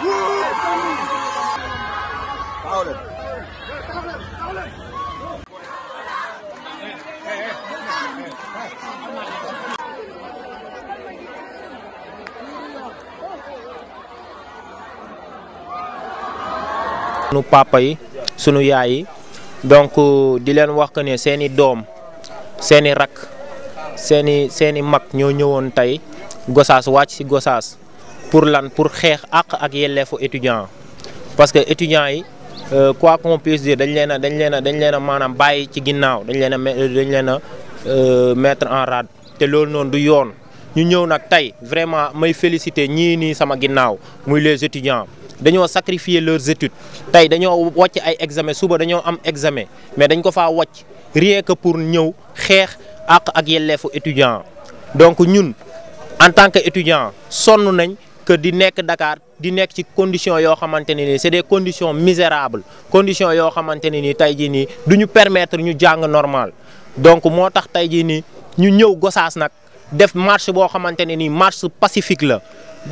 taxaw sunu papa yi sunu yaay yi donc di leen wax ko ne seeni doom seeni rakk seeni seeni mag ñoo ñëwoon tey Gossas wàcc ci gosaas pour lan pour xeex àq ak yelleefu étudiant parce que étudiant yi euh, quoi qu'on puisse dire dañ leen a dañ leen a dañ leen a maanaam bàyyi ci ginnaaw dañ leen a euh, dañ leen a euh, mettre en rade te loolu noonu du yoon ñu ñëw nag tey vraiment may félicité ñii nii sama ginnaaw muy les étudiants dañoo sacrifier leurs études tey dañoo wàcc ay examen suba dañoo am examen mais dañ ko faa wàcc rien que pour ñëw xeex àq ak yelleefu étudiant donc ñun en tant que étudiant sonn nañ que di nekk Dakar di nekk ci condition yoo xamante ne nii c'est des conditions misérables condition yoo xamante ne nii tey jii nii du ñu permettre ñu jàng normal donc moo tax tey jii nii ñu ñëw gosaas nag def marche boo xamante ne nii marche pacifique la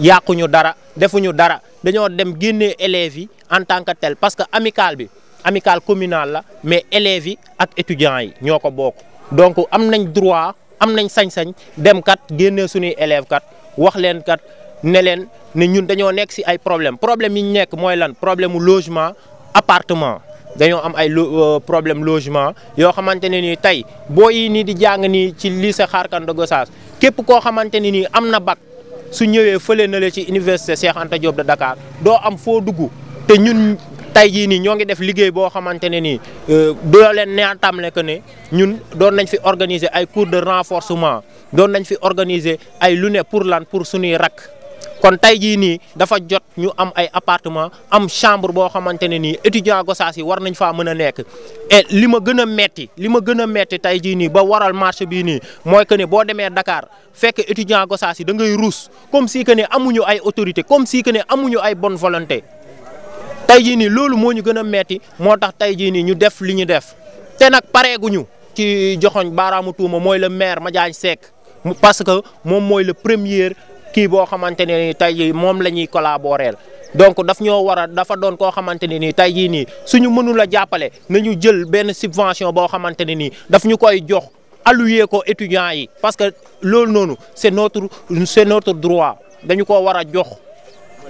yàquñu dara defuñu dara dañoo dem génnee élèves yi en tant que tel parce que amicale bi amicale communale la mais élèves yi ak étudiants yi ñoo ko bokk donc am nañ droit am nañ sañ-sañ dem kat génnee suñuy élèves ne leen ne ñun dañoo nekk si ay problème problème yi ñu nekk mooy lan problème mu logement appartement dañoo am ay euh, problème logement yoo xamante ne nii tey boo yi nii di jàng nii ci li sa Kharkanda Gossas képp koo xamante ne nii am na bac su ñëwee fële na la ci université Cheikh Anta Diop de Dakar doo am foo dugg te ñun tey jii nii ñoo ngi def liggéey boo xamante ne nii euh, doo leen ne neatamle que ne ñun doon nañ fi organiser ay cours de renforcement doon nañ fi organiser ay lu ne pour lan pour suñuy rakk kon tey jii nii dafa jot ñu am ay appartement am chambre boo xamante ne nii étudiant Gossas yi war nañ faa mën a nekk et li ma gën a metti li ma gën a metti tey jii nii ba waral marché bii nii mooy que ne boo demee Dakar fekk étudiant Gossas yi da ngay ruus comme sii que ne amuñu ay autorité comme sii que ne amuñu ay bonne volonté tey jii nii loolu moo ñu gën a metti moo tax tey jii nii ñu def li ñu def te nag pareeguñu ci joxoñ baaraamu tuuma mooy le maire Madiagne Seck parce que moom mooy le premier kii boo xamante ne ni tey jii moom la ñuy collaborer donc daf ñoo war a dafa doon koo xamante ne nii tey jii nii suñu mënul a jàppale ñu jël benn subvention boo xamante ne nii daf ñu koy jox alloué ko étudiants yi parce que loolu noonu c'est notre c'est notre droit dañu ko war a jox.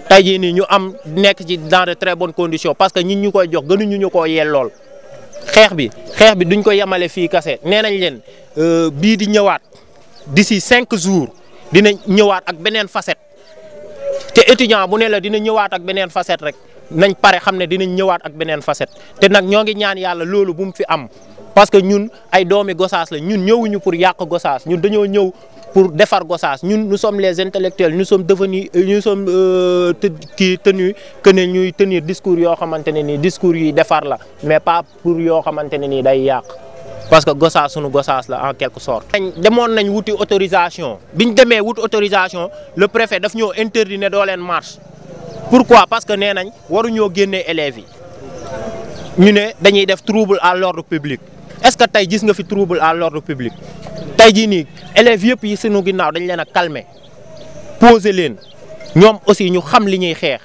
tey jii nii ñu am nekk ji dans de très bon condition parce que ñin ñu koy jox gënuñu ñu koo yellool xeex bi xeex bi duñ ko yemale fii kase nee nañ leen euh, bii di ñëwaat disi cinq jours. dina ñëwaat ak beneen facette te étudiant bu ne la dina ñëwaat ak beneen facette rek nañ pare xam ne dinañ ñëwaat ak beneen facette te nag ñoo ngi ñaan yàlla loolu bu mu fi am parce que ñun ay doomi Gossas la ñun ñëwuñu pour yàq Gossas ñun dañoo ñëw pour defar Gossas ñun nous sommes les intellectuels nous sommes devenus euh, nous sommes euh, kii tenus que ne ñuy tenir discours yoo xamante ne nii discours yuy defar la mais pas pour yoo xamante ne nii day yàq. parce que Gossas sunu Gossas la en quelque sorte. dañ demoon nañ wuti autorisation bi ñu demee wut autorisation le préfet daf ñoo interdit ne doo leen marche pourquoi parce que nee nañ waruñoo génnee élèves yi ñu ne dañuy def trouble à l'ordre public est-ce que tey gis nga fi trouble à l'ordre public tey jii nii élève yëpp yi sunu ginnaaw dañ leen a calmer poser leen ñoom aussi ñu xam li ñuy xeex.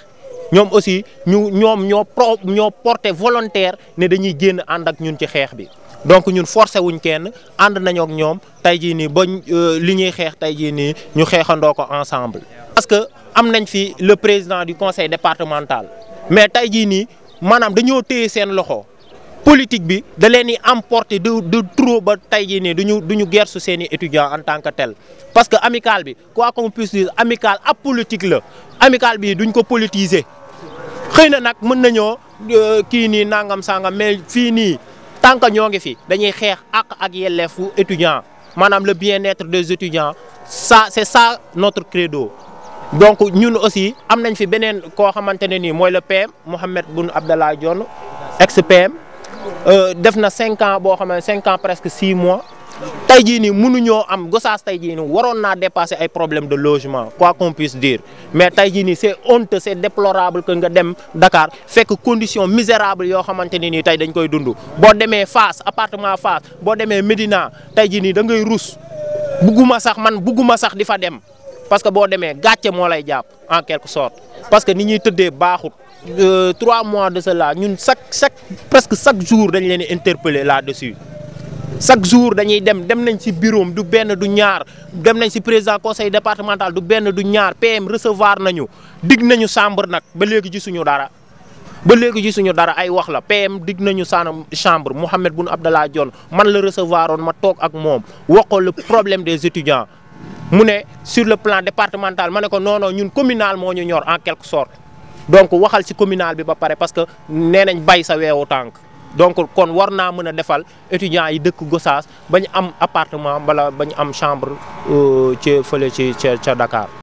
ñoom aussi ñu ñoom ñoo pro ñoo porté volontaire ne dañuy génn ànd ak ñun ci xeex bi donc ñun forcé wuñ kenn ànd nañook ñoom tey jii nii ba euh, li ñuy xeex tey jii nii ñu xeexandoo ko ensemble. parce que am nañ fi le président du conseil départemental mais tey jii nii maanaam dañoo téye seen loxo politique bi da leen di emporter de de trop ba tey jii nii du ñu gersu seen i étudiants en tant que tel. parce que amicale bi quoi qu'on puisse dire amicale ab politique la amicale bi duñ ko politiser xëy na nag mën nañoo euh, kii nii nangam sangam mais fii nii. tant que ñoo ngi fi dañuy xeex ak ak yelleefu étudiant maanaam le bien-être des étudiants ça c'est ça notre crédo donc ñun aussi am nañ fi beneen koo xamante ne nii mooy le PM Mohamed Boun Abdallah Dionne ex PM euh, def na cinq ans boo xam ne cinq ans presque six mois. tey jii nii mënuñoo am Gossas tey jii nii waroon naa dépasser ay problème de logement quoi qu'on puisse dire mais tey jii nii c'est honte c'est déplorable que nga dem Dakar fekk condition misérable yoo xamante ne nii tey dañ koy dundu boo demee Fass appartement Fass boo demee Médina tey jii nii da ngay rus bugguma sax man bugguma sax di fa dem parce que boo demee gàcce moo lay jàpp en quelque sorte parce que ni ñuy tëddee baaxut euh, trois mois de cela ñun chaque chaque presque chaque jour dañ leen interpeller là-dessus chaque jour dañuy dem dem nañ si bureau du benn du ñaar dem nañ si président conseil départemental du benn du ñaar PM recevoir nañu dig nañu chambre nag ba léegi gisuñu dara. ba léegi gisuñu dara ay wax la PM dig nañu saana chambre Mouhamed Boun Abdallah Dionne man la recevoir oon ma toog ak moom wax ko problème des étudiants mu ne sur le plan départemental ma ne ko noonoo ñun communal moo ñu ñor en quelque sorte donc waxal si communal bi ba pare parce que nee nañ bay sa weewu tànk. donc kon war naa mën a defal étudiants yi dëkk Gossas ba ñu am appartement bala ba ñu am chambre euh, ci fële ci ca ca Dakar